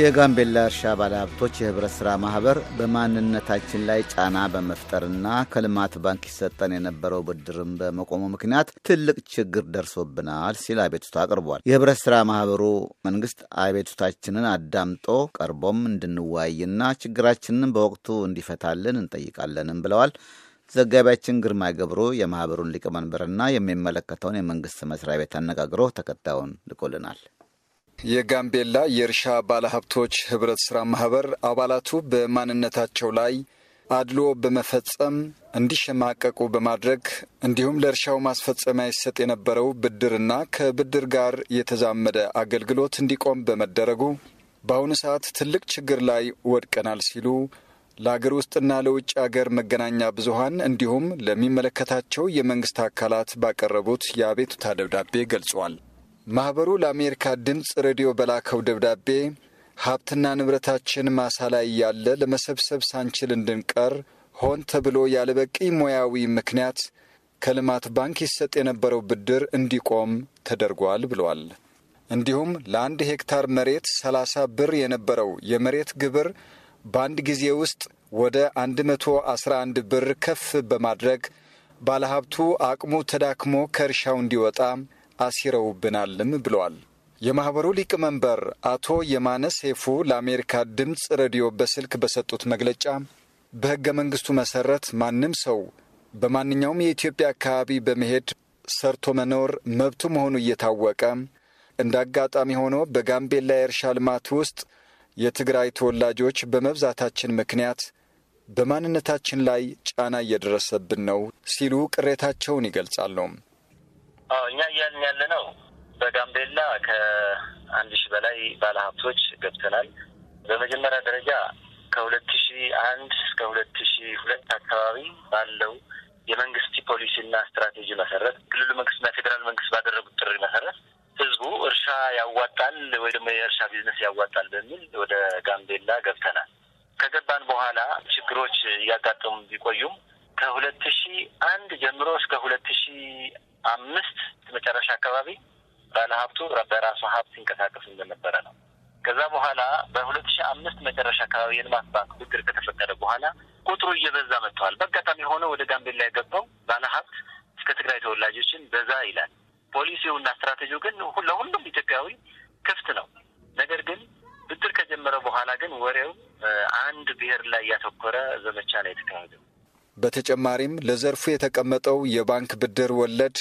የጋምቤላ እርሻ ባለሀብቶች የህብረት ሥራ ማኅበር በማንነታችን ላይ ጫና በመፍጠርና ከልማት ባንክ ይሰጠን የነበረው ብድርም በመቆሙ ምክንያት ትልቅ ችግር ደርሶብናል ሲል አቤቱታ አቅርቧል። የህብረት ሥራ ማኅበሩ መንግሥት አቤቱታችንን አዳምጦ ቀርቦም እንድንወያይና ችግራችንን በወቅቱ እንዲፈታልን እንጠይቃለንም ብለዋል። ዘጋቢያችን ግርማ ገብሮ የማኅበሩን ሊቀመንበርና የሚመለከተውን የመንግሥት መሥሪያ ቤት አነጋግሮ ተከታዩን ልኮልናል። የጋምቤላ የእርሻ ባለሀብቶች ህብረት ስራ ማህበር አባላቱ በማንነታቸው ላይ አድሎ በመፈጸም እንዲሸማቀቁ በማድረግ እንዲሁም ለእርሻው ማስፈጸሚያ ይሰጥ የነበረው ብድርና ከብድር ጋር የተዛመደ አገልግሎት እንዲቆም በመደረጉ በአሁኑ ሰዓት ትልቅ ችግር ላይ ወድቀናል ሲሉ ለአገር ውስጥና ለውጭ አገር መገናኛ ብዙሀን እንዲሁም ለሚመለከታቸው የመንግስት አካላት ባቀረቡት የአቤቱታ ደብዳቤ ገልጿል። ማኅበሩ ለአሜሪካ ድምፅ ሬዲዮ በላከው ደብዳቤ ሀብትና ንብረታችን ማሳ ላይ ያለ ለመሰብሰብ ሳንችል እንድንቀር ሆን ተብሎ ያለበቂ ሙያዊ ምክንያት ከልማት ባንክ ይሰጥ የነበረው ብድር እንዲቆም ተደርጓል ብሏል። እንዲሁም ለአንድ ሄክታር መሬት 30 ብር የነበረው የመሬት ግብር በአንድ ጊዜ ውስጥ ወደ 111 ብር ከፍ በማድረግ ባለሀብቱ አቅሙ ተዳክሞ ከእርሻው እንዲወጣ አሲረውብናልም ብለዋል። የማኅበሩ ሊቀመንበር አቶ የማነ ሴፉ ለአሜሪካ ድምፅ ሬዲዮ በስልክ በሰጡት መግለጫ በሕገ መንግሥቱ መሠረት ማንም ሰው በማንኛውም የኢትዮጵያ አካባቢ በመሄድ ሰርቶ መኖር መብቱ መሆኑ እየታወቀ እንደ አጋጣሚ ሆኖ በጋምቤላ የእርሻ ልማት ውስጥ የትግራይ ተወላጆች በመብዛታችን ምክንያት በማንነታችን ላይ ጫና እየደረሰብን ነው ሲሉ ቅሬታቸውን ይገልጻሉ። እኛ እያልን ያለ ነው። በጋምቤላ ከአንድ ሺህ በላይ ባለሀብቶች ገብተናል። በመጀመሪያ ደረጃ ከሁለት ሺ አንድ እስከ ሁለት ሺ ሁለት አካባቢ ባለው የመንግስት ፖሊሲና ስትራቴጂ መሰረት ክልሉ መንግስትና ፌዴራል መንግስት ባደረጉት ጥሪ መሰረት ህዝቡ እርሻ ያዋጣል ወይ ደግሞ የእርሻ ቢዝነስ ያዋጣል በሚል ወደ ጋምቤላ ገብተናል። ከገባን በኋላ ችግሮች እያጋጠሙ ቢቆዩም ከሁለት ሺ አንድ ጀምሮ እስከ ሁለት ሺ አምስት መጨረሻ አካባቢ ባለሀብቱ በራሱ ሀብት ሲንቀሳቀስ እንደነበረ ነው። ከዛ በኋላ በሁለት ሺህ አምስት መጨረሻ አካባቢ የልማት ባንክ ብድር ከተፈቀደ በኋላ ቁጥሩ እየበዛ መጥተዋል። በአጋጣሚ የሆነ ወደ ጋምቤላ የገባው ባለሀብት እስከ ትግራይ ተወላጆችን በዛ ይላል። ፖሊሲው እና ስትራቴጂው ግን ለሁሉም ኢትዮጵያዊ ክፍት ነው። ነገር ግን ብድር ከጀመረ በኋላ ግን ወሬው አንድ ብሔር ላይ ያተኮረ ዘመቻ ላይ የተካሄደው። በተጨማሪም ለዘርፉ የተቀመጠው የባንክ ብድር ወለድ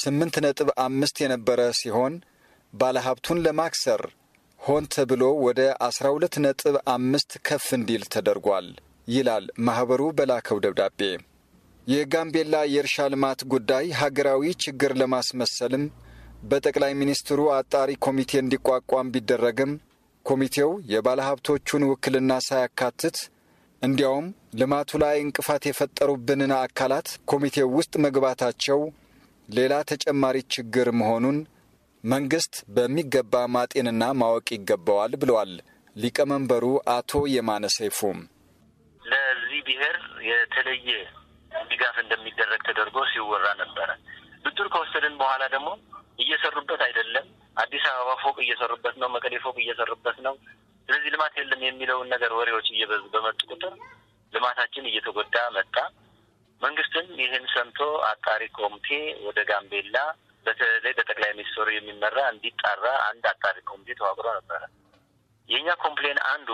ስምንት ነጥብ አምስት የነበረ ሲሆን ባለሀብቱን ለማክሰር ሆን ተብሎ ወደ 12 ነጥብ አምስት ከፍ እንዲል ተደርጓል ይላል ማኅበሩ በላከው ደብዳቤ። የጋምቤላ የእርሻ ልማት ጉዳይ ሀገራዊ ችግር ለማስመሰልም በጠቅላይ ሚኒስትሩ አጣሪ ኮሚቴ እንዲቋቋም ቢደረግም ኮሚቴው የባለሀብቶቹን ውክልና ሳያካትት እንዲያውም ልማቱ ላይ እንቅፋት የፈጠሩብንን አካላት ኮሚቴው ውስጥ መግባታቸው ሌላ ተጨማሪ ችግር መሆኑን መንግስት በሚገባ ማጤንና ማወቅ ይገባዋል ብለዋል ሊቀመንበሩ አቶ የማነ ሰይፉም። ለዚህ ብሔር የተለየ ድጋፍ እንደሚደረግ ተደርጎ ሲወራ ነበረ። ብድር ከወሰድን በኋላ ደግሞ እየሰሩበት አይደለም፣ አዲስ አበባ ፎቅ እየሰሩበት ነው፣ መቀሌ ፎቅ እየሰሩበት ነው፣ ስለዚህ ልማት የለም የሚለውን ነገር ወሬዎች እየበዙ በመጡ ቁጥር ልማታችን እየተጎዳ መጣ። መንግስትም ይህን ሰምቶ አጣሪ ኮሚቴ ወደ ጋምቤላ በተለይ በጠቅላይ ሚኒስትሩ የሚመራ እንዲጣራ አንድ አጣሪ ኮሚቴ ተዋቅሮ ነበረ። የእኛ ኮምፕሌን አንዱ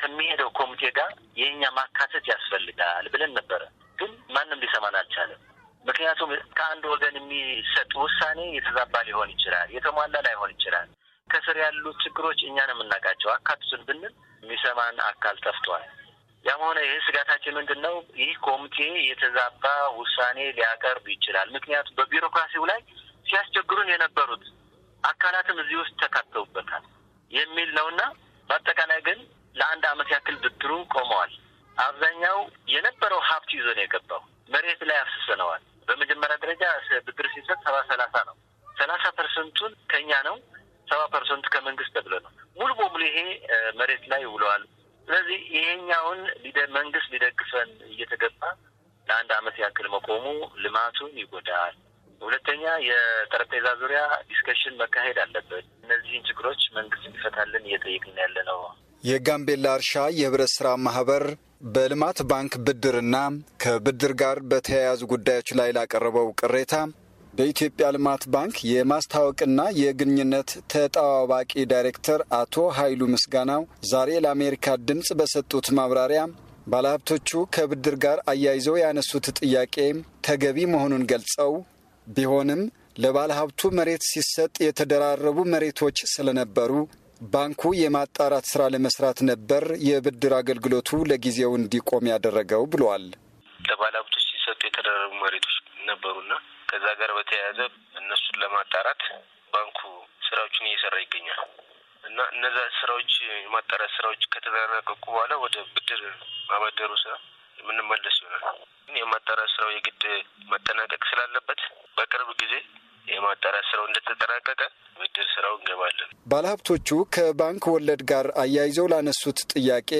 ከሚሄደው ኮሚቴ ጋር የእኛ ማካተት ያስፈልጋል ብለን ነበረ፣ ግን ማንም ሊሰማን አልቻለም። ምክንያቱም ከአንድ ወገን የሚሰጥ ውሳኔ የተዛባ ሊሆን ይችላል፣ የተሟላ ላይሆን ይችላል። ከስር ያሉት ችግሮች እኛን የምናውቃቸው አካቱትን ብንል የሚሰማን አካል ጠፍቷል። ያም ሆነ ይህ ስጋታችን ምንድን ነው? ይህ ኮሚቴ የተዛባ ውሳኔ ሊያቀርብ ይችላል። ምክንያቱም በቢሮክራሲው ላይ ሲያስቸግሩን የነበሩት አካላትም እዚህ ውስጥ ተካተውበታል የሚል ነውና ሰባ ፐርሰንት ከመንግስት ተብለ ነው ሙሉ በሙሉ ይሄ መሬት ላይ ውለዋል። ስለዚህ ይሄኛውን መንግስት ሊደግፈን እየተገባ ለአንድ አመት ያክል መቆሙ ልማቱን ይጎዳል። ሁለተኛ የጠረጴዛ ዙሪያ ዲስከሽን መካሄድ አለበት። እነዚህን ችግሮች መንግስት እንዲፈታልን እየጠየቅን ያለ ነው። የጋምቤላ እርሻ የህብረት ስራ ማህበር በልማት ባንክ ብድርና ከብድር ጋር በተያያዙ ጉዳዮች ላይ ላቀረበው ቅሬታ በኢትዮጵያ ልማት ባንክ የማስታወቅና የግንኙነት ተጠባባቂ ዳይሬክተር አቶ ኃይሉ ምስጋናው ዛሬ ለአሜሪካ ድምፅ በሰጡት ማብራሪያ ባለሀብቶቹ ከብድር ጋር አያይዘው ያነሱት ጥያቄ ተገቢ መሆኑን ገልጸው ቢሆንም ለባለሀብቱ መሬት ሲሰጥ የተደራረቡ መሬቶች ስለነበሩ ባንኩ የማጣራት ስራ ለመስራት ነበር የብድር አገልግሎቱ ለጊዜው እንዲቆም ያደረገው ብለዋል። ስራዎችን እየሰራ ይገኛል እና እነዛ ስራዎች የማጣሪያ ስራዎች ከተጠናቀቁ በኋላ ወደ ብድር ማበደሩ ስራ የምንመለስ ይሆናል። ግን የማጣሪያ ስራው የግድ መጠናቀቅ ስላለበት በቅርብ ጊዜ የማጣሪያ ስራው እንደተጠናቀቀ ብድር ስራው እንገባለን። ባለሀብቶቹ ከባንክ ወለድ ጋር አያይዘው ላነሱት ጥያቄ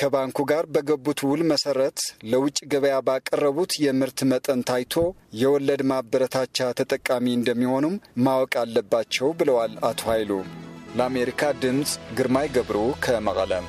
ከባንኩ ጋር በገቡት ውል መሰረት ለውጭ ገበያ ባቀረቡት የምርት መጠን ታይቶ የወለድ ማበረታቻ ተጠቃሚ እንደሚሆኑም ማወቅ አለባቸው ብለዋል አቶ ኃይሉ። ለአሜሪካ ድምፅ ግርማይ ገብሩ ከመቐለም